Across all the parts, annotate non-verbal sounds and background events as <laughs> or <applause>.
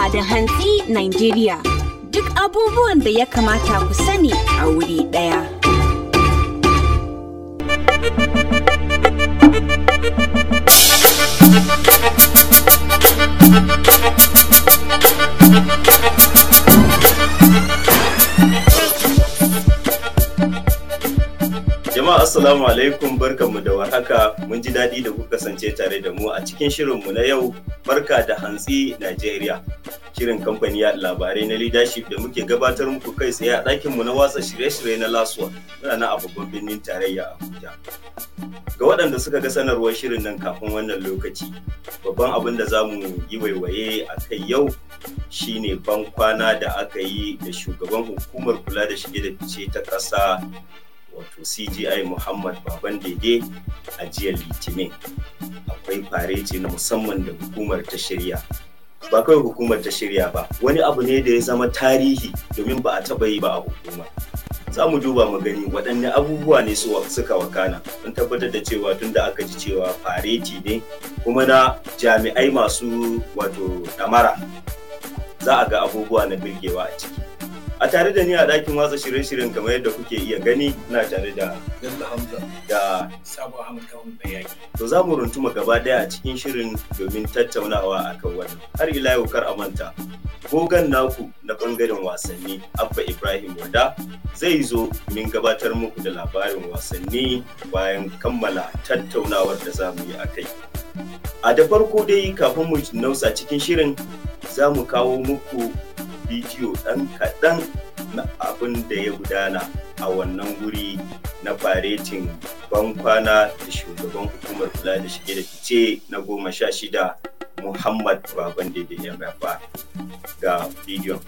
Juma'a da hantsi Nigeria. Duk abubuwan da ya kamata ku sani a wuri ɗaya. Assalamu alaikum barkanmu da warhaka mun ji daɗi da ku kasance tare da mu a cikin shirinmu na yau barka da hantsi Najeriya. Shirin kamfani labarai na leadership da muke gabatar muku kai tsaye a mu na watsa shirye-shirye na Lasuwa muna na babban birnin tarayya Abuja. Ga waɗanda suka ga sanarwar shirin nan kafin wannan lokaci, babban abin da zamu yi waiwaye a kai yau shine ban kwana da aka yi da shugaban hukumar kula da shige da fice ta ƙasa wato cgi muhammad baban dege a jiya litinin akwai fareti na musamman da hukumar ta shirya ba kawai hukumar ta shirya ba wani abu ne da ya zama tarihi domin ba a taɓa yi ba a hukuma za mu duba mu gani waɗanne abubuwa ne suka wakana don tabbatar da cewa tun da aka ji cewa fareti ne kuma na jami'ai masu wato damara za a ga abubuwa na birgewa a ciki a tare da ni a ɗakin watsa shirye-shiryen kamar yadda kuke iya gani na tare da Bello Hamza da Sabo Ahmad Kawun Bayaki. To za mu runtuma gaba ɗaya a cikin shirin domin tattaunawa a kan wani har ila yau kar a manta. Gogan naku na bangaren wasanni Abba Ibrahim Wada zai zo min gabatar muku da labarin wasanni bayan kammala tattaunawar da za mu yi a kai. A da farko dai kafin mu nausa cikin shirin za mu kawo muku bidiyo ɗan kaɗan na abin da ya gudana a wannan guri na faretin bankwana da shugaban hukumar kula da shige da fice na goma sha shida muhammad baban da ya ga bidiyon.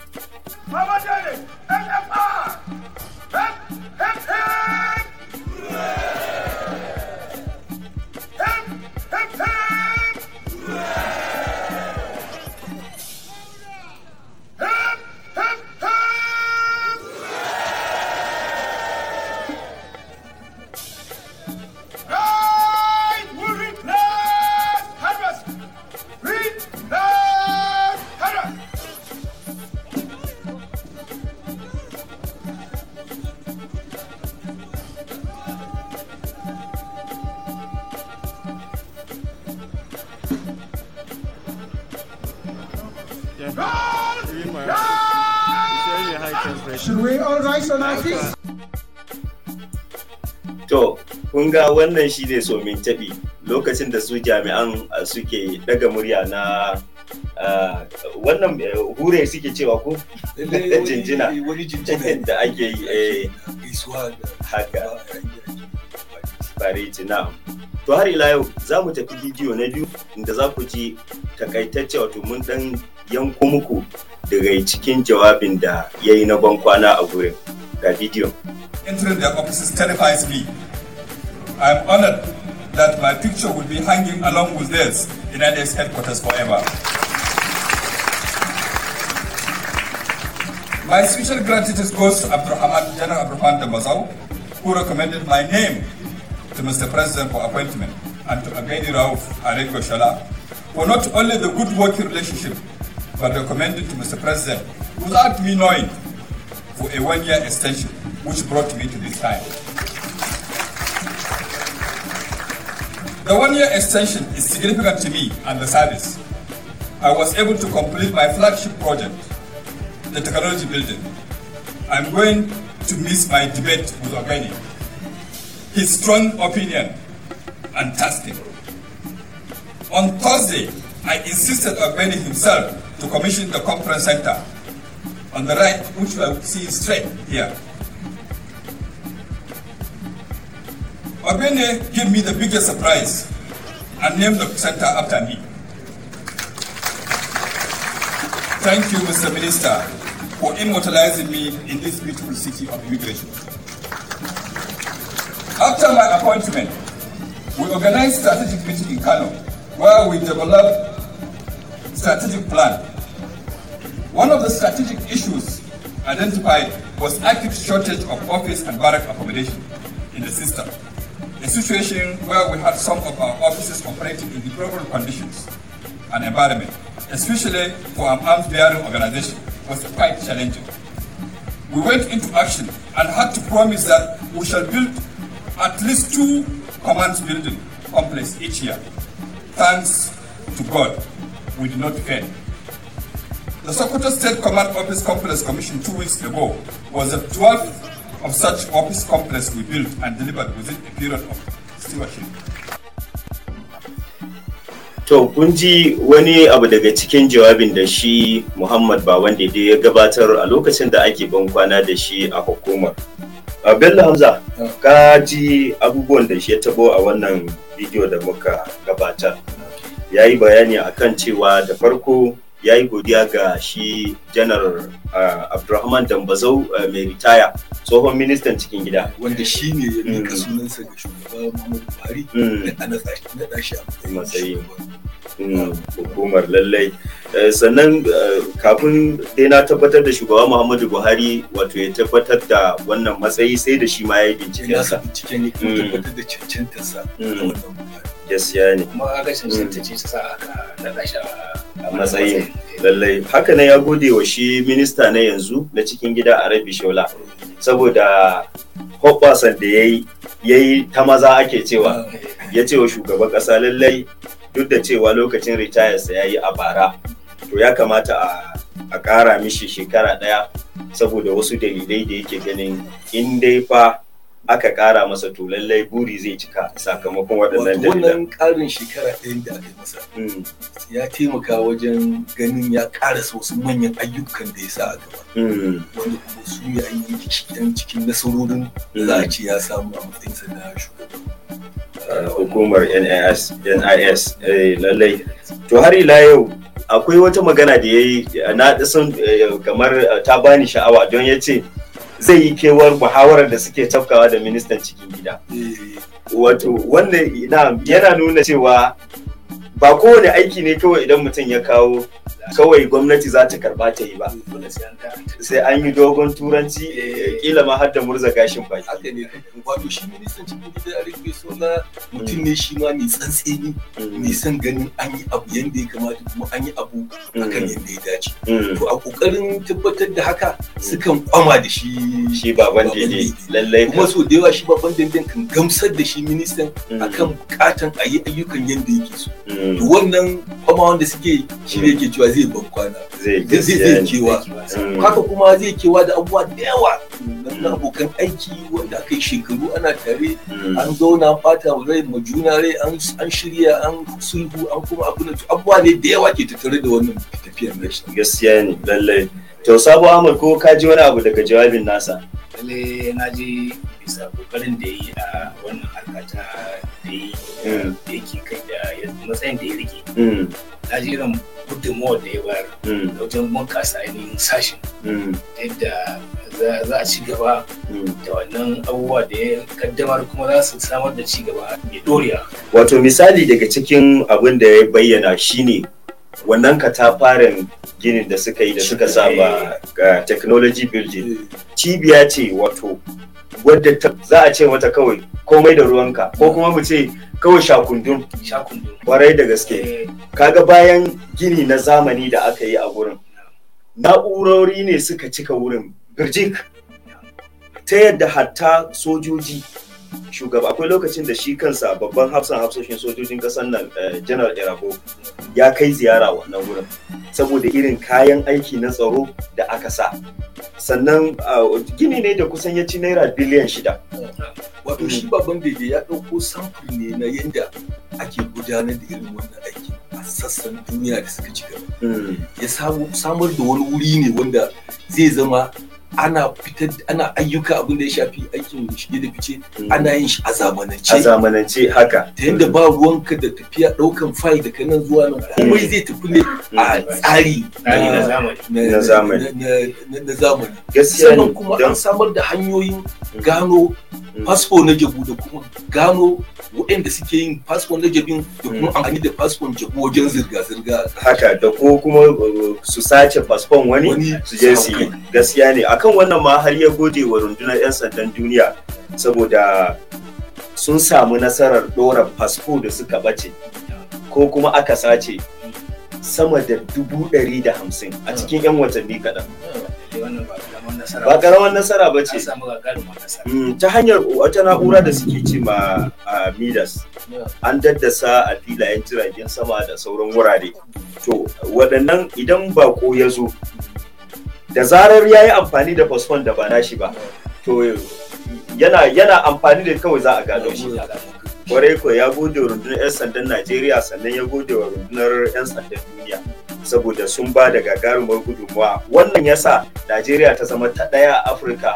kun ga wannan shi ne somin taɓi lokacin da su jami'an suke daga murya na wannan eh, hure suke cewa ko <laughs> jinjina <laughs> da ake yi eh. haka to har ila yau za mu tafi bidiyo na biyu inda za ku ji takaitacce wato mun dan yanko muku daga cikin jawabin da ya yi na bankwana a gurin ga bidiyon. Entering their offices terrifies me. I am honored that my picture will be hanging along with theirs in NS headquarters forever. My special gratitude goes to Abdurrahman, General Abdurrahman Damazau, who recommended my name to Mr. President for appointment, and to Abedi Rauf Arego Shala for not only the good working relationship, but recommended to Mr. President without me knowing for a one-year extension, which brought me to this time. The one-year extension is significant to me and the service. I was able to complete my flagship project, the technology building. I'm going to miss my debate with Ogani. His strong opinion and tasking. On Thursday, I insisted Ogani himself to commission the conference center on the right, which I see straight here. Abene gave me the biggest surprise and named the center after me. Thank you, Mr. Minister, for immortalizing me in this beautiful city of immigration. After my appointment, we organized strategic meeting in Kano where we developed strategic plan. One of the strategic issues identified was active shortage of office and barrack accommodation in the system a situation where we had some of our offices operating in deplorable conditions and environment, especially for an arms-bearing organization, was quite challenging. We went into action and had to promise that we shall build at least two command building complexes each year. Thanks to God, we did not fail. The Sokoto State Command Office Complex Commission two weeks ago was the 12th of such office complex we built and delivered within a period of stewardship. To kun ji wani abu daga cikin jawabin da shi Muhammad ba wanda dai ya gabatar a lokacin da ake ban kwana da shi a hukumar. Bello Hamza, ka ji abubuwan da shi ya tabo a wannan bidiyo da muka gabatar. Ya yi bayani akan cewa da farko ya yi godiya ga shi janar ah, Abdulrahman Dambazau ah, mai ritaya. tsohon ministan cikin gida wanda shi ne ya ka mm. sunansa ga shugaba Muhammadu Buhari da mm. ana naɗa shi a matsayin mm. hukumar lallai eh, sannan eh, kafin sai na tabbatar da shugaba Muhammadu Buhari wato ya tabbatar da wannan matsayi sai da shi ma ya yi bincikensa. binciken ya tabbatar da cancantarsa gaskiya ne kuma aka cancanta ce ta sa aka naɗa shi a matsayin lallai haka ne ya gode wa shi minista na yanzu na cikin gida a rabi Shaula. saboda hoɓɓasan da ya yi ta maza ake cewa ah, ya ce wa shugaban ƙasa lallai duk da cewa lokacin ritayarsa ya yi a bara to ya kamata a ƙara mishi shekara ɗaya saboda wasu dalilai da yake ganin in dai fa aka ƙara masa to lallai buri zai cika sakamakon waɗannan dalilan. Wannan ƙarin shekara ɗayan da aka yi masa hmm. ya taimaka wajen ganin ya ƙara wasu manyan ayyukan da ya sa a gaba. Hmm. Wanda kuma su ya yi cikin cikin nasarorin hmm. za a ce ya samu a matsayinsa na shugaba. Ah, hukumar NIS eh, lallai. To har ila yau akwai wata magana da ya yi na eh, kamar eh, ta bani sha'awa don ya ce zai yi kewar muhawarar da suke tafkawa da ministan cikin gida eh. wato wannan yana nuna cewa ba kowane aiki ne kawai idan mutum ya kawo kawai gwamnati za ta karba ta yi ba sai an yi dogon turanci eh, kila ma har murza gashin baki haka ne wato shi ministan cikin gida arewa so na mutum ne shi ma mai tsantseni mm. mai son ganin an yi abu yadda ya kamata kuma an yi abu mm. akan yadda ya dace mm. to a kokarin tabbatar da haka sukan kwama da shi shi baban dede lallai kuma so da yawa shi baban dede kan gamsar da shi ministan akan bukatan a yi ayyukan yadda yake so to wannan kwama wanda suke shi ne ke cewa zai kwana zai kewa hmm. haka kuma zai kewa da abuwa da yawa na abokan aiki wanda aka yi shekaru ana tare hmm. an zauna fata rai ma juna rai an shirya an sulhu an kuma abu na abuwa ne da yawa ke tattare da wannan tafiyar shi gaskiya ne lallai to sabo amurko ko ka ji wani abu daga jawabin nasa lalle na ji bisa kokarin da yi a wannan harka ta da mm. da yake kai da yanzu matsayin da ya rike mm. na ji irin da ya bayar mm. wajen bunkasa ainihin sashen yadda za a ci gaba da wannan abubuwa da ya kaddamar kuma za su samar da ci gaba mai dorewa. wato misali daga cikin abin da ya bayyana shine wannan katafaren ginin da suka yi da suka saba eh. ga technology building eh. cibiya ce wato wadda za a ce mata kawai komai da ruwanka ko kuma mu ce kawai shakundun kwarai da gaske eh. kaga bayan gini na zamani da aka yi a wurin na'urori ne suka cika wurin birjik ta yadda hatta sojoji shugaba akwai lokacin da shi kansa babban hafsan hafsoshin sojojin kasar nan janar eh, irabo ya kai ziyara wannan wurin saboda irin kayan aiki na tsaro da aka sa sannan eh, gini ne da kusan ya ci naira biliyan shida wato shi babban bege ya ɗauko samfur ne na yadda ake gudanar da irin wannan aiki a sassan duniya da suka ci gaba hmm. ya samar da wani wuri ne wanda zai zama ana fitar ana ayyuka abin da ya shafi aikin shige da fice mm. ana yin shi a zamanance a zamanance haka ta yadda ba ruwanka da tafiya daukan fayil daga nan zuwa nan mm. komai zai tafi ne mm. a tsari na zamani na zamani kuma an samar da hanyoyin gano fasfo mm. na jabu da kuma gano waɗanda suke yin fasfo na jabin da kuma mm. amfani da na jabu wajen zirga-zirga haka da ko kuma uh, su sace fasfo wani su je su yi gaskiya ne akan wannan ma har ya gode wa rundunar 'yan sandan duniya saboda sun samu nasarar ɗora fasfo da suka bace ko kuma aka sace sama da dubu ɗari da hamsin a cikin 'yan watanni kaɗan mm. eh, ba karamar nasara ba ce mm, ta hanyar wata na'ura da suke ce ma a midas an daddasa a filayen jiragen sama da sauran wurare to waɗannan idan bako ya zo da zarar ya yi amfani da fasfon da ba nashi ba to yana amfani da kawai za a gano shi kwarai ko ya gode wa rundunar 'yan sandan najeriya sannan ya gode wa rundunar 'yan sandan duniya saboda sun ba da gagarumar gudunmawa wannan yasa najeriya ta zama ta ɗaya a afirka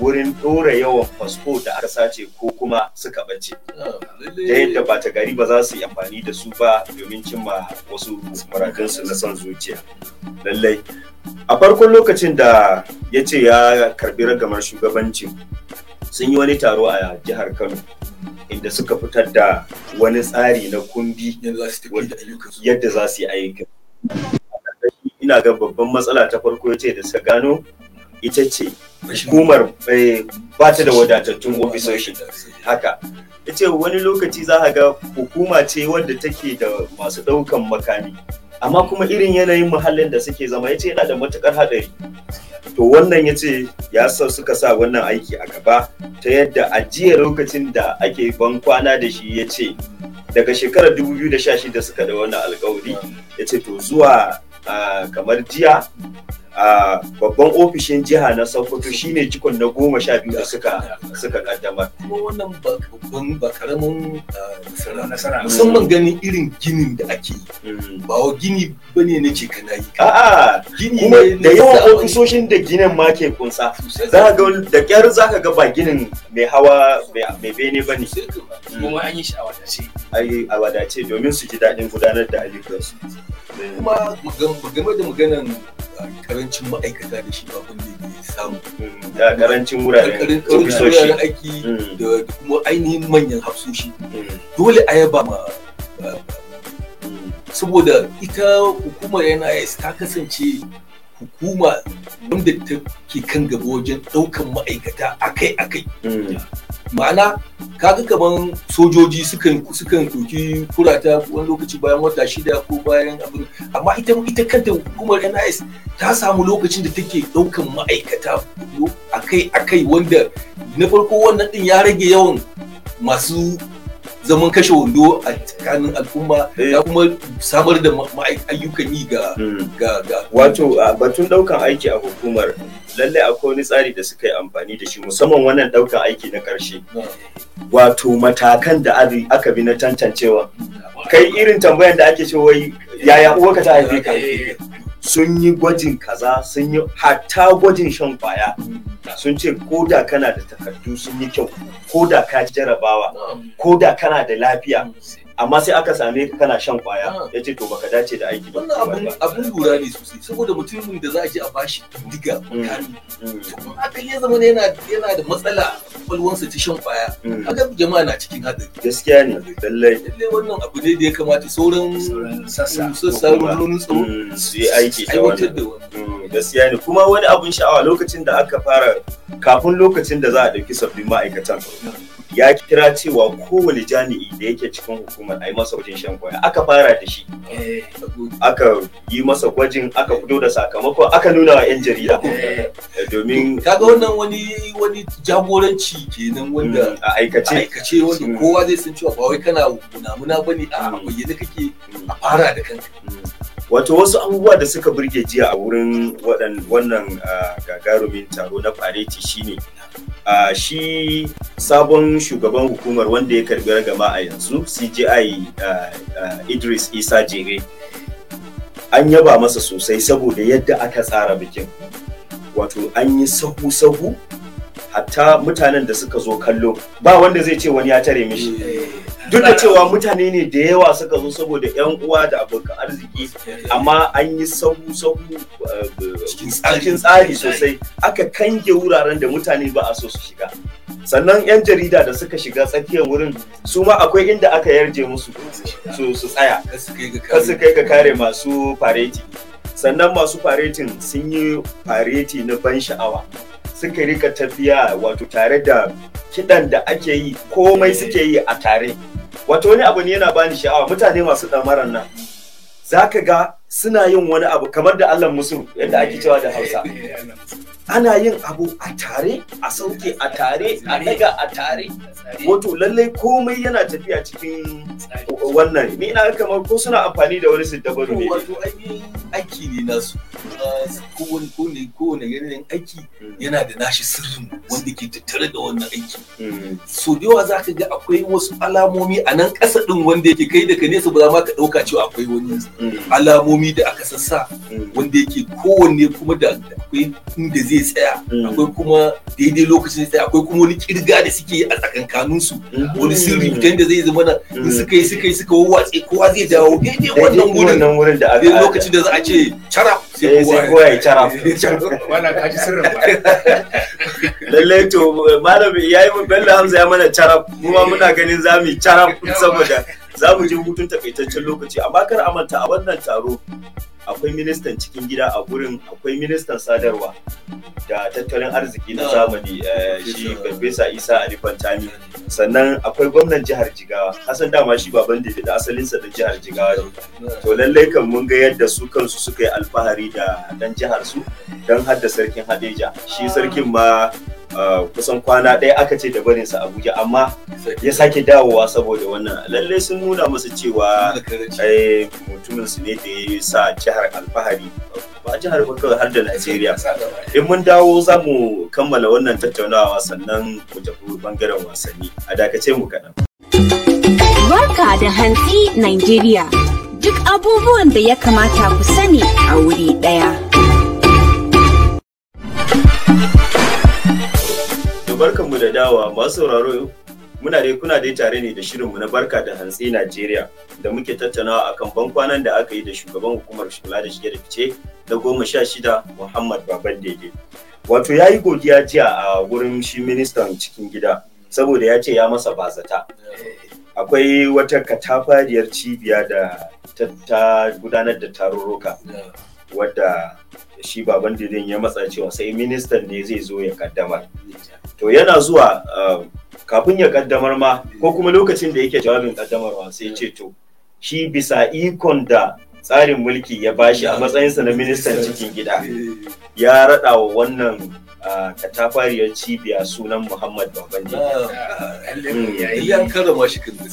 wurin ɗora yawan fasfo da aka sace ko kuma suka ɓace da yadda ba ta gari ba za su yi amfani da su ba domin cimma wasu muradunsu na son zuciya lallai a farkon lokacin da ya ce ya karbi ragamar shugabancin sun yi wani taro a jihar kano inda suka fitar da wani tsari na kumbi yadda za su yi ayyukan ina ga babban matsala ta farko ce da suka gano ita ce hukumar eh, ba ta da wadatattun ofisoshi haka ce wani lokaci za a ga hukuma ce wadda take da masu ɗaukan makami amma kuma irin yanayin muhallin da suke zama ya ce yana da matukar haɗari to wannan ya ce ya sa suka sa wannan aiki a gaba ta yadda a jiya lokacin da ake ban kwana da shi ya ce daga shekarar 2016 suka da wannan alkawari ya ce to zuwa kamar jiya a babban ofishin jiha na sokoto shine jikon na goma sha biyu da suka suka kuma wannan babban ba karamin nasara mm. musamman ganin irin ginin da ake yi mm. ba wa gini bane na ce kana yi a'a gini kuma da yawan ofisoshin da ginin ma ke kunsa za ga da kyar za ka ga ba ginin mai hawa mai bene bane mm. kuma an yi sha'awa da shi a wadace domin su ji daɗin gudanar da ayyukansu. kuma game da maganan karancin ah, ma'aikata da shi ba wanda ke samu mm, da karancin wuraren aiki mm. da kuma ainihin manyan hafsoshi mm. dole a yaba ma ah, saboda ita hukumar nis ta kasance hukuma wanda ta ke kan gaba wajen ɗaukan ma'aikata akai-akai ma'ana kaga kaman sojoji sukan sukan ɗauki kurata wani lokaci bayan wata shida ko bayan abin amma ita ita kanta hukumar NIS ta samu lokacin da take ɗaukan ma'aikata akai akai wanda na farko wannan din ya rage yawan masu zaman kashe wando a tsakanin al'umma eh. ya kuma samar da ayyukan yi ga hmm. wato batun daukan aiki a hukumar lallai akwai wani tsari da suka yi amfani da shi musamman wannan daukan aiki na karshe wato matakan da aka bi na tantancewa kai irin tambayar da ake ce wai yaya uwarka ta haife ka eh, eh, sun yi gwajin kaza sun yi hatta gwajin shan kwaya sun ce ko da kana da takardu sun yi kyau ko da ka jarabawa ko da kana da lafiya amma sai aka same ka kana shan kwaya ah. ya ce to baka dace da aiki ba wannan abin lura ne sosai saboda mutumin da za a je a bashi diga makami mm. mm. to aka iya zama yana yana da matsala kwalwansa ta shan kwaya haka mm. jama'a na cikin hadari gaskiya ne lallai lallai wannan abu ne da ya kamata sauran sassa sauran tsaro su yi aiki da wannan gaskiya ne kuma wani abin sha'awa lokacin da aka fara kafin lokacin da za a ɗauki sabbin ma'aikatan ya kira cewa kowane jami'i da yake cikin hukumar a yi masa gwajin shan kwaya aka fara da shi aka yi masa gwajin aka fito da sakamakon, aka nuna wa 'yan jarida eh. Eh, domin kaga wannan wani wani jagoranci kenan wanda mm, a aikace aikace wanda mm. kowa zai san cewa ba wai kana munamuna bane a mm. bayyane kake a fara da kanka wato wasu abubuwa da suka burge jiya a wurin wannan gagarumin taro na fareti shine shi sabon shugaban hukumar wanda ya karbi ragama a yanzu cgi idris isa jere an yaba masa sosai saboda yadda aka tsara bikin wato an yi sahu-sahu hatta mutanen da suka zo kallo ba wanda zai ce wani ya tare mishi eh. duk da cewa mutane ne da yawa suka zo saboda yan uwa da abokan arziki amma an yi sabu eh, sabu cikin tsari sosai aka kange wuraren da mutane ba a so su shiga sannan yan jarida da suka shiga tsakiyar wurin su ma akwai inda aka yarje musu su tsaya su kai ga kare masu fareti sannan masu faretin sun yi fareti na ban sha'awa suka rika tafiya wato tare da kidan da ake yi komai suke yi a tare wato wani abu ne yana bani sha'awa mutane masu ɗamaran nan za ka ga suna yin wani abu kamar da Allah musu yadda ake cewa da Hausa ana yin abu a tare a sauke a tare a daga a tare wato lallai komai yana tafiya cikin wannan ni ina kamar ko suna amfani da wani siddabaru ne wato aiki ne nasu kowane kowane kowane yanayin aiki yana da nashi sirrin wanda ke tattare da wannan aiki mm. so da yawa za ka ga akwai wasu alamomi a nan ƙasa ɗin wanda yake kai da nesa ba za ma ka ɗauka cewa akwai wani mm. alamomi kalmomi da aka sassa wanda yake kowanne kuma da akwai inda zai tsaya mm. akwai kuma daidai lokacin tsaya akwai kuma wani kirga da suke yi a tsakankanin su mm. wani sirri mm. fitan da zai zama na in suka yi suka yi suka wawwatse kowa zai dawo daidai wannan wurin da aka lokacin da za a ce cara eh, sai kowa ya cara wannan kaji sirrin ba <laughs> lallai to malam yayi bello hamza ya mana cara mu ma muna ganin zamu cara saboda za mu je hutun takaitaccen lokaci amma kar a manta a wannan taro akwai ministan cikin gida a gurin akwai ministan sadarwa da tattalin arziki na zamani eh, shi farfesa isa ali fantami sannan akwai gwamnan jihar jigawa asan dama shi baban da da asalinsa da jihar jigawa to lallai kan mun ga yadda su kansu suka yi alfahari da dan jihar su dan hadda sarkin hadeja shi sarkin ma kusan kwana ɗaya aka ce da barinsa abuja amma ya sake dawowa saboda wannan lalle sun nuna masa cewa eh, mutumin su ne da ya sa jihar alfahari ba jihar bakar har da najeriya in mun dawo za mu kammala wannan tattaunawa sannan mu tafi bangaren wasanni a dakace mu kaɗan. barka da hantsi najeriya duk abubuwan da ya kamata ku sani a wuri ɗaya. barkanmu da dawa masu sauraro muna dai kuna dai tare ne da shirinmu na barka da hantsi Najeriya da muke tattaunawa akan bankwanan da aka yi da shugaban hukumar kula da shige da fice na goma sha shida Muhammad Baban Dede. Wato ya yi godiya jiya a wurin shi ministan cikin gida saboda ya ce ya masa bazata. Akwai wata katafariyar cibiya da ta gudanar da tarurruka wadda shi baban didin ya matsa cewa sai ministan ne zai zo ya kaddamar to yana zuwa um, kafin ya kaddamar ma ko kuma lokacin da yake jawabin kaddamarwa sai ce to shi bisa ikon da tsarin mulki ya bashi a matsayinsa na ministan cikin gida ya raɗa wa wannan uh, katafariyar cibiya sunan muhammad babandi ah, hmm.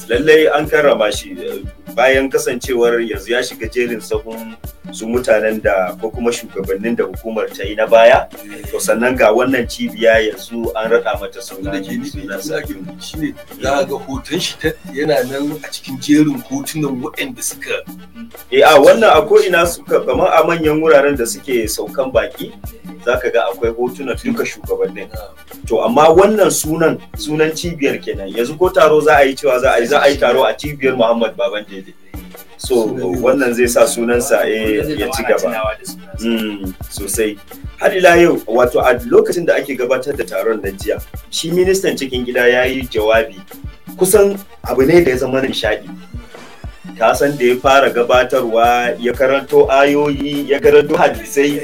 lallai an karrama shi bayan kasancewar yanzu ya shiga jerin sabon su mutanen da ko kuma shugabannin da hukumar ta yi na baya to sannan ga wannan cibiya yanzu an raɗa mata sauran da ke nufi na sake za ga hoton shi yana nan a cikin jerin hotunan waɗanda suka e a wannan a ina suka kamar a manyan wuraren da suke saukan baki zaka ga akwai hotunan duka shugabannin ah. to amma wannan sunan sunan cibiyar kenan yanzu ko taro za a yi cewa za a yi za a yi taro a cibiyar muhammad baban daidai so wannan zai sa sunansa ya ci gaba hmm, sosai har ila yau wato a lokacin da ake gabatar da taron na jiya shi ministan cikin gida ya yi jawabi kusan abu ne da ya zama nishaɗi ka san da ya fara gabatarwa ya karanto ayoyi ya karanto hadisai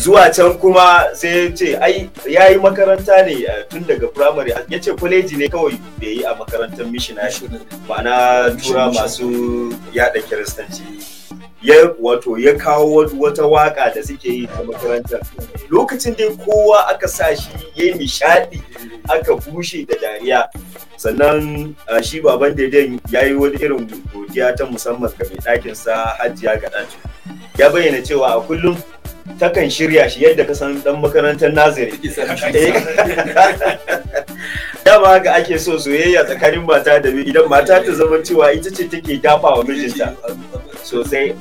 zuwa can kuma sai ya ce ai ya yi makaranta ne eh, tun daga firamare. ya ce kwaleji ne kawai da yi a makarantar missionary ma'ana tura masu yada kiristanci ya wato ya kawo wata waka da suke yi ta makaranta lokacin dai kowa aka sa shi ya yi nishadi aka bushe da dariya sannan shi baban daidai ya yi wani irin godiya ta musamman ga mai ɗakin sa hajiya ga ya bayyana cewa a kullum takan shirya shi yadda ka san dan makarantar naziri eh. <laughs> dama haka ake so soyayya tsakanin mata da miji idan mata ta zama cewa ita ce take dafa wa mijinta sosai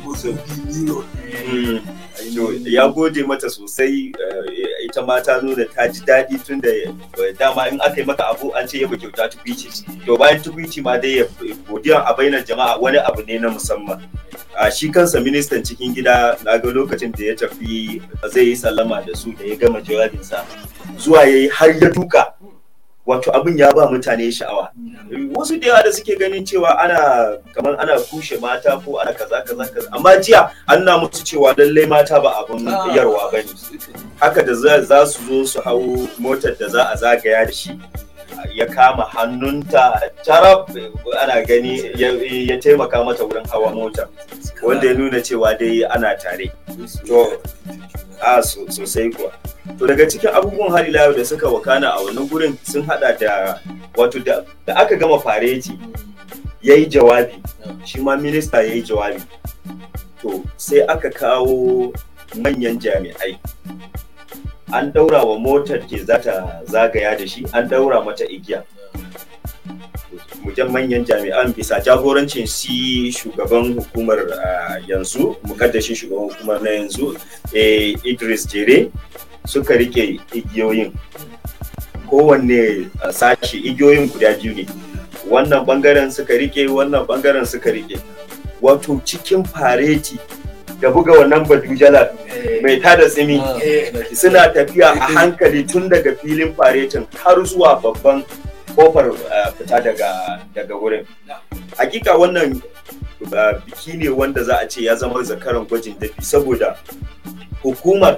hmm. ya gode mata sosai eh, ita mata ta zo da ta ji daɗi tun da eh, dama in aka yi maka abu an ce yaba kyauta tukwici to bayan tukwici ma dai ya eh, Godiya a bainar jama'a wani abu ne na musamman a shi kansa ministan cikin gida na ga lokacin da ya tafi zai yi sallama da su da ya gama jawabinsa zuwa ya yi har ya tuka wato abin ya ba mutane sha'awa wasu da yawa da suke ganin cewa ana kamar ana kushe mata ko ana kaza kaza kaza amma jiya an na musu cewa lallai mata ba abin ah. yarwa ba ne haka da za su zo su hau motar da za a zagaya da shi ya kama hannunta carab ana gani ya taimaka mata wurin hawa mota wanda ya nuna cewa dai ana tare to a sosai kuwa to daga cikin abubuwan har ila da suka wakana a wannan gurin sun hada da wato da aka gama fareti ya yi jawabi shi ma minista ya yi jawabi to sai aka kawo manyan jami'ai an daura wa motar ke zata zagaya da shi an daura mata igiya mujan manyan jami'an bisa jagorancin si shugaban hukumar yanzu mukaddashin shugaban hukumar na yanzu idris jere suka rike igiyoyin kowanne sashi igiyoyin guda biyu ne wannan bangaren suka rike wannan bangaren suka rike wato cikin fareti da buga wannan jala eh. ah, mai tada tsimi suna tafiya a hankali tun daga filin faretin har zuwa babban kofar eh, fita daga wurin hakika wannan eh, biki ne wanda za a ce ya zama zakaran gwajin dafi saboda hukumar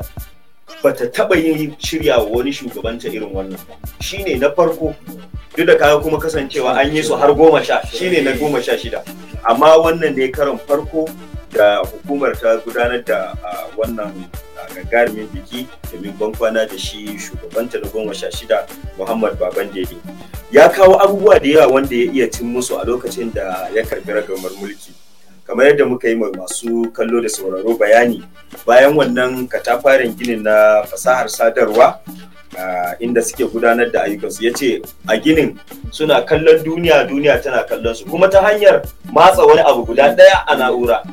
bata taba yin shirya wani shugabanta irin wannan shine na farko duk da kaga kuma kasancewa an yi su har goma sha shine na goma sha shida amma wannan ne karan farko da hukumar ta gudanar da wannan gagarumin biki domin kwana da shi shugaban ta goma sha shida muhammad baban daidai ya kawo abubuwa da yawa wanda ya iya cin musu a lokacin da ya karbi ragamar mulki kamar yadda muka yi masu kallo da sauraro bayani bayan wannan katafaren ginin na fasahar sadarwa inda suke gudanar da ayyukansu ya ce a ginin suna kallon duniya duniya tana kallon su kuma ta hanyar matsa wani abu guda ɗaya a na'ura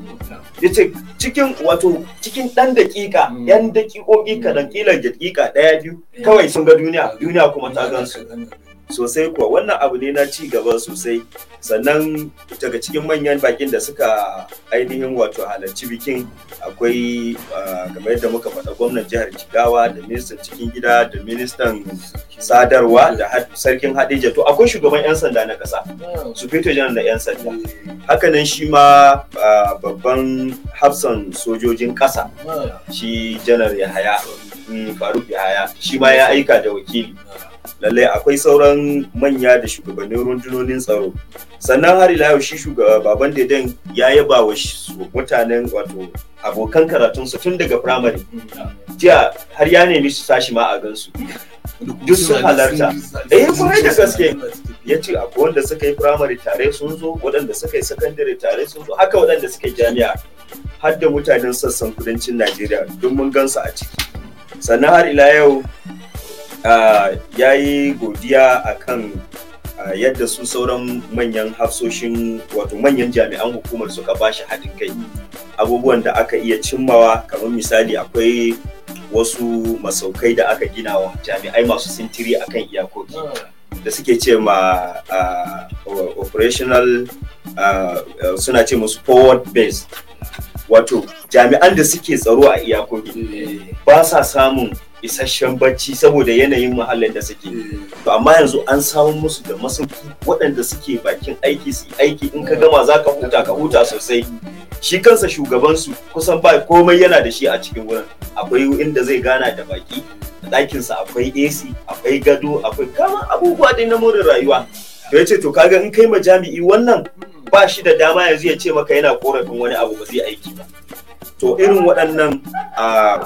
yace cikin wato cikin dan dakika yan mm. dakikoki kadan kila dakika ɗaya biyu mm. kawai sun ga duniya duniya kuma ta gansu sosai kuwa wannan abu ne na ci gaba sosai sannan daga cikin manyan bakin da suka ainihin wato halarci bikin akwai kamar da muka faɗa gwamnan jihar jigawa da ministan cikin gida da ministan sadarwa da sarkin hadija to akwai shugaban 'yan sanda na ƙasa su fito janar da 'yan sanda hakanan shi ma babban hafsan sojojin ƙasa shi janar yahaya mm, faruk yahaya shi ma ya aika da wakili lallai akwai sauran manya da shugabannin rundunonin tsaro sannan har ila yau shi shugaba baban deden ya yaba wa mutanen wato abokan karatunsu tun daga firamare jiya har ya nemi su tashi ma a gansu duk sun halarta eh kuma da gaske ya ce akwai wanda suka yi firamare tare sun zo waɗanda suka yi sakandare tare sun zo haka waɗanda suka yi jami'a har da mutanen sassan kudancin najeriya don mun gansu a ciki sannan har ila yau Ah, ya yi godiya a kan ah, yadda su sauran manyan hafsoshin wato manyan jami'an hukumar suka ba shi haɗin kai abubuwan da aka iya cimmawa kamar misali akwai wasu masaukai da aka gina wa jami'ai masu sintiri akan iyakoki da suke ce ma ah, operational suna ce musu forward base. wato jami'an da suke tsaro a iyakoki eh. ba sa samun isasshen bacci saboda yanayin muhallin da suke hmm. to amma yanzu an samu musu da masauki waɗanda suke bakin aiki su aiki in ka gama za ka huta ka huta sosai shi kansa shugabansu kusan ba komai yana da shi a cikin wurin akwai inda zai gana da baki ɗakinsa akwai ac akwai gado akwai kama abubuwa dai na more rayuwa to ya ce to kaga in kai ma jami'i wannan ba shi da dama yanzu ya ce maka yana korafin wani abu ba zai aiki ba to irin waɗannan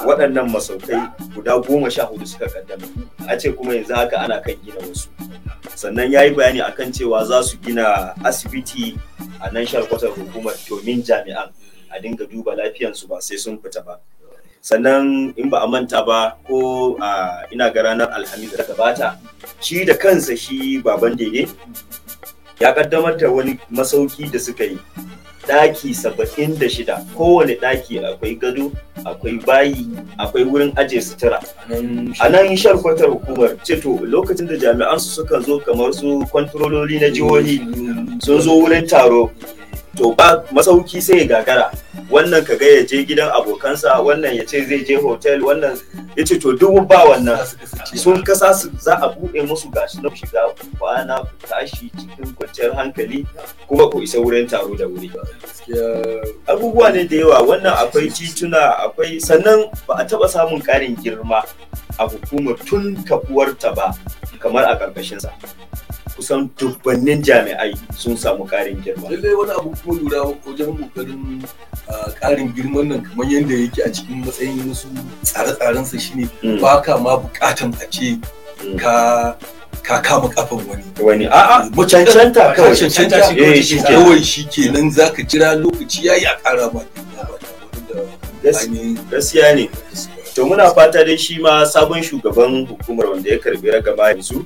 waɗannan masaukai guda goma sha hudu suka kaddama a ce kuma yanzu haka ana kan gina wasu sannan ya yi bayani akan cewa za su gina asibiti a nan shalkwatar hukumar domin jami'an a dinga duba lafiyansu ba sai sun fita ba sannan in ba a manta ba ko a ina ga ranar alhamis da ta gabata shi da kansa shi baban daidai ya kaddamar da wani masauki da suka yi Daki saba'in da shida kowane daki, akwai gado akwai bayi akwai wurin ajiye sutura a nan sharkwatar hukumar ceto lokacin da jami'an su suka zo kamar su kwantarololi na jihohi sun zo wurin taro to ba masauki sai ya gagara wannan kaga ya je gidan abokansa wannan ya ce zai je hotel wannan ya ce to duk ba wannan sun kasa su za a buɗe musu gashi na shiga kwana ku tashi cikin kwanciyar hankali kuma ku isa wurin taro da wuri abubuwa ne da yawa wannan akwai tituna akwai sannan ba a taɓa samun karin girma a hukumar tun kafuwarta ba kamar a ƙarƙashinsa kusan dubbannin jami'ai sun samu ƙarin girma. Lallai wani abu kuma lura wajen kokarin ƙarin girman nan kamar yadda yake a cikin matsayin wasu tsare-tsarensa shine mm. ba ka ma buƙatan a ce mm. ka ka kama kafan wani. Wani a'a mu cancanta kawai. Cancanta eh, kawai shi kenan za ka jira lokaci ya yi a ƙara ma. Gaskiya ne. to muna fata dai shi ma sabon shugaban hukumar wanda ya karbi su,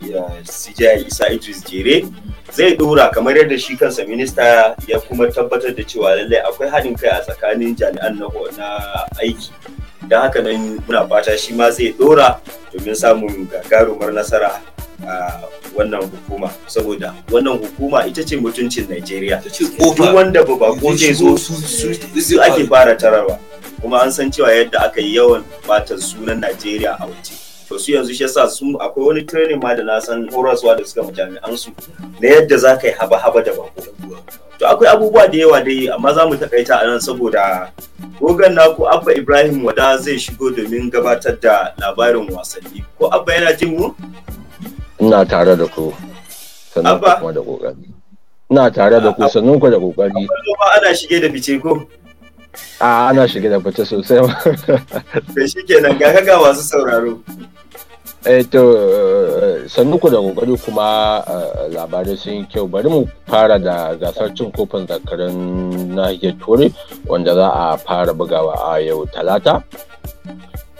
yanzu CJ Isa Idris Jere zai dora kamar yadda shi kansa minista ya kuma tabbatar da cewa lallai akwai haɗin kai a tsakanin jami'an na aiki da haka nan muna fata shi ma zai dora domin samun gagarumar nasara a wannan hukuma saboda wannan hukuma ita ce mutuncin Najeriya duk wanda ba ko zai zo su ake fara tararwa kuma an san cewa yadda aka yi yawan bata sunan Najeriya a waje to su yanzu shi yasa sun akwai wani training ma da na san horaswa da suka an su na yadda za ka yi haba-haba da bako to akwai abubuwa da yawa dai amma za mu takaita a nan saboda gogan naku abba ibrahim wada zai shigo domin gabatar da labarin wasanni ko abba yana jin mu ina tare da ku sannan da ina tare da ku sannan ku da kokari ana shige da fice ko a ana shiga da fice sosai ma <laughs> shi kenan ga kaga masu sauraro eh to sannu da kokari kuma eh, labarai sun yi kyau bari mu fara da gasar cin kofin zakarin nahiyar turai wanda za a fara bugawa a yau talata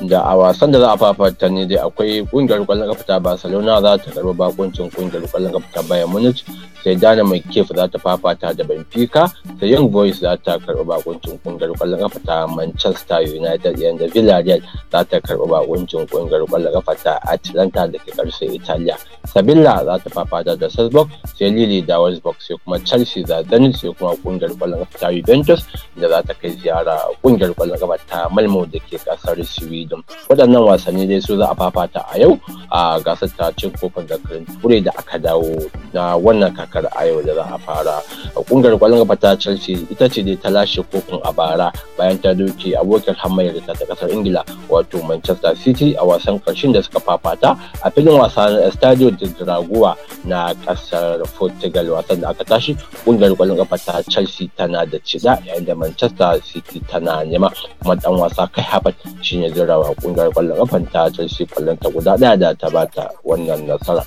da a wasan da za a fafata ne dai akwai kungiyar kwallon kafa ta Barcelona za ta karbi bakuncin kungiyar kwallon kafa ta Bayern Munich sai Dana Kiev za ta fafata da Benfica sai Young Boys za ta karbi bakuncin kungiyar kwallon kafa ta Manchester United yayin da Villarreal za ta karbi bakuncin kungiyar kwallon kafa ta Atalanta da ke karshe Italiya Sevilla za ta fafata da Salzburg sai Lille da Wolfsburg sai kuma Chelsea za ta sai kuma kungiyar kwallon kafa ta Juventus da za ta kai ziyara kungiyar kwallon kafa ta Malmo da ke kasar Sweden Kingdom. Waɗannan wasanni dai su za a fafata a yau a gasar ta cin kofin zakarin kure da aka dawo na wannan kakar a yau da za a fara. Ƙungiyar ƙwallon kafa ta Chelsea ita ce dai ta lashe kofin a bara bayan ta doke abokin hamayar ta ta kasar Ingila wato Manchester City a wasan ƙarshen da suka fafata a filin wasa wasan stadio de Dragua na kasar Portugal wasan da aka tashi ƙungiyar ƙwallon kafa ta Chelsea tana da cida yayin da Manchester City tana nema kuma dan wasa kai Harvard shine zira wa kungiyar kwallon kafan ta Chelsea kwallon ta guda daya da ta bata wannan nasara.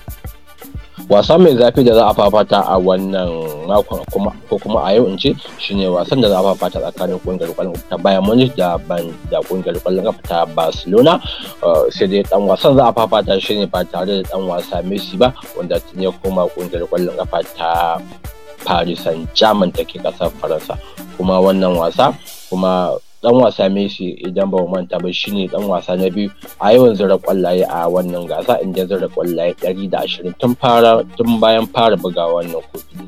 Wasan mai zafi da za a fafata a wannan makon ko kuma a yau in ce shine wasan da za a fafata tsakanin kungiyar kwallon ta Bayern Munich da da kungiyar kwallon kafa ta Barcelona uh, sai dai dan wasan za a fafata shine ba tare da dan wasa Messi ba wanda tun ya kungiyar kwallon kafa ta Paris Saint-Germain take kasar Faransa kuma wannan wasa kuma dan wasa Messi idan ba manta ba shine dan wasa na biyu a yawan zira kwallaye a wannan gasa inda zira kwallaye 120 tun fara tun bayan fara buga wannan kofi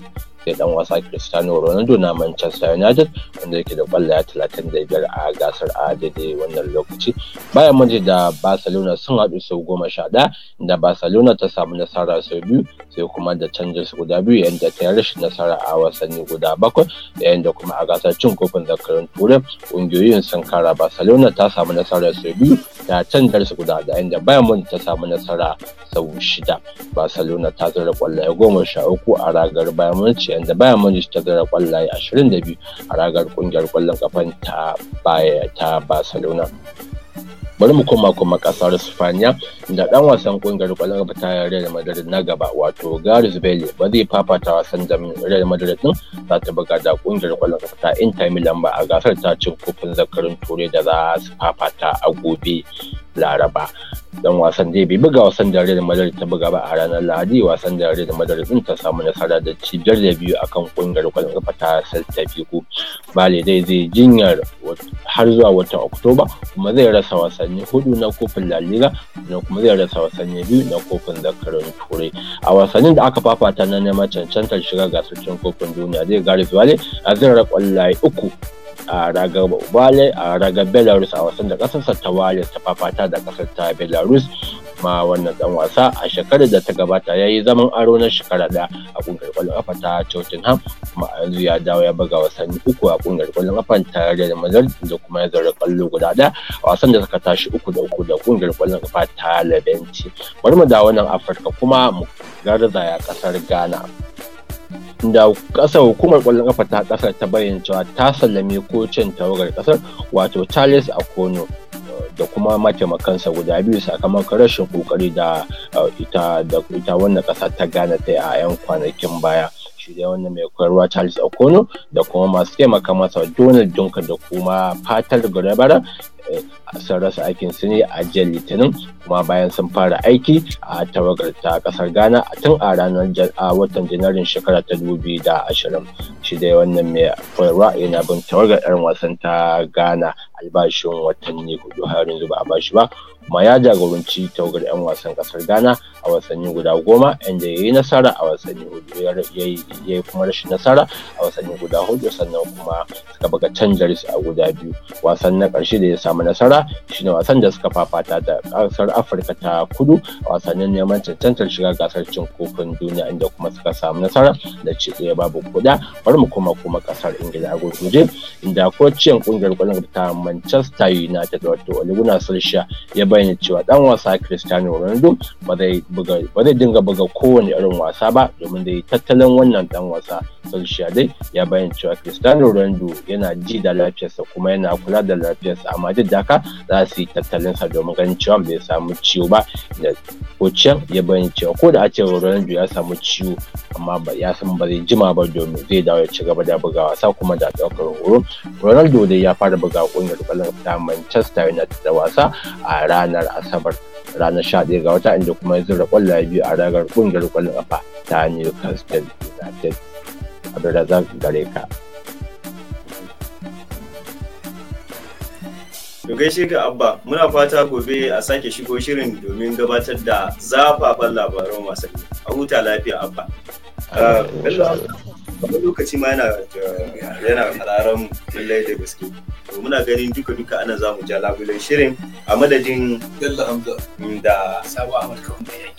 sai dan wasa Cristiano Ronaldo na Manchester United wanda yake da kwallaye 35 a gasar a daidai wannan lokaci bayan maje da Barcelona sun haɗu sau goma sha ɗaya da Barcelona ta samu nasara sau biyu sai kuma da canjin su guda biyu yayin da ta rashin nasara a wasanni guda bakwai yayin da kuma a gasar cin kofin zakarin turai ƙungiyoyin sun kara Barcelona ta samu nasara sau biyu da can su guda da inda bayan mun ta samu nasara sau shida barcelona ta zara kwallaye goma sha uku a ragar bayan mun inda bayan mun ta zara kwallaye ashirin da biyu a ragar kungiyar kwallon kafan ta baya ta barcelona bari mu koma kuma kasar Spaniya da dan wasan kungiyar kwallon kafa ta Real Madrid na gaba wato Gareth Bale ba zai fafata wasan da Real Madrid din za ta buga da kungiyar kwallon kafa ta Inter Milan ba a gasar ta cin kofin zakarin turai da za su fafata a gobe laraba dan wasan dai bai buga wasan da Real ta buga ba a ranar Lahadi wasan da Real Madrid ta samu nasara da cibiyar da biyu akan kungiyar kwallon kafa ta Celta Vigo Bale dai zai jinyar har zuwa watan Oktoba kuma zai rasa wasanni hudu na kofin La Liga kuma zai rasa wasanni biyu na kofin zakarin Turai a wasannin da aka fafata na neman cancantar shiga gasar cin kofin duniya zai gare Bale a zirar kwallaye uku a ragar Ubale a ragar Belarus a wasan da kasarsa ta Wale ta fafata da kasar ta Belarus ma wannan dan wasa a shekarar da ta gabata ya yi zaman aro na shekara ɗaya a ƙungiyar ƙwallon kafa ta Tottenham kuma a yanzu ya dawo ya buga wasanni uku a ƙungiyar ƙwallon kafa ta Real Madrid da kuma ya zara ƙwallo guda ɗaya a wasan da suka tashi uku da uku da ƙungiyar ƙwallon kafa ta Leventi bari mu dawo nan Afirka kuma mu ya ƙasar Ghana. da kasar hukumar kwallon kafa ta kasar ta bayyana cewa ta sallame kocin tawagar kasar wato charles akono da kuma mataimakansa guda biyu sakamakon rashin kokari da uh, ita da ita wannan kasa ta gane ta a 'yan kwanakin baya shirya wannan mai koyarwa Charles Okono da kuma masu taimaka masa Donald Duncan da kuma Fatar Gurebara eh, sun rasa aikin su ne a jiya litinin kuma bayan sun fara aiki a tawagar ta kasar ghana tun a ranar a watan janairun shekara ta ashirin. shi dai wannan mai koyarwa yana bin tawagar 'yan wasan ta ghana albashin watanni hudu har yanzu ba a bashi ba kuma ya jagoranci tawagar 'yan wasan kasar ghana a wasanni guda goma inda ya yi nasara a wasanni hudu ya yi kuma rashin nasara a wasanni guda hudu sannan kuma suka buga can su a guda biyu wasan na karshe da ya samu nasara shine wasan da suka fafata da kasar afirka ta kudu a wasannin neman cancantar shiga gasar cin kofin duniya inda kuma suka samu nasara da ci ɗaya babu kuda bari mu koma kuma kasar ingila a gurguje inda kociyan kungiyar kwallon ta manchester united wato oliguna solskjaer ya bayyana cewa dan wasa Cristiano Ronaldo ba zai buga ba zai dinga buga kowane irin wasa ba domin dai tattalin wannan dan wasa Solskjaer dai ya bayyana cewa Cristiano Ronaldo yana ji da lafiyarsa kuma yana kula da lafiyarsa amma duk da haka za su yi sa domin ganin cewa bai samu ciwo ba da kociyar ya bayyana cewa ko da a ce Ronaldo ya samu ciwo amma ba ya san ba zai jima ba domin zai dawo ya ci gaba da buga wasa kuma da daukar horo Ronaldo dai ya fara buga kungiyar kwallon ta Manchester United da wasa a ranar ranar asabar ranar ɗaya ga wata inda kuma ya zura ƙwallaye biyu a ragar ƙungiyar ƙwallon ƙafa ta newcastle united abdulrazak gare ka To gaishe ga Abba, muna fata gobe a sake shigo shirin domin gabatar da zafafan labaran wasanni. A huta lafiya Abba. Ah, Bello, lokaci ma yana hararan lallai da gaske. to muna ganin duka duka za zamu ja labulen shirin a madadin Bello Hamza mm, da Sabo Ahmad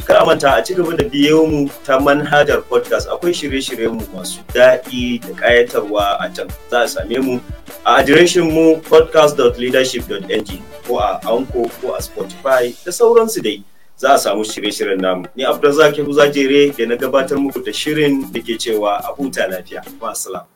Kar a manta a ci gaba da biyo mu ta manhajar podcast akwai shirye-shiryen mu masu daɗi da ƙayatarwa a can za a same mu a adireshin mu podcast.leadership.ng ko a Anko ko a Spotify da sauransu dai. za a samu shirye-shiryen namu. Ni Abdulrazak Yahuza Jere da na gabatar muku da shirin da ke cewa a huta lafiya. Ma'asalam.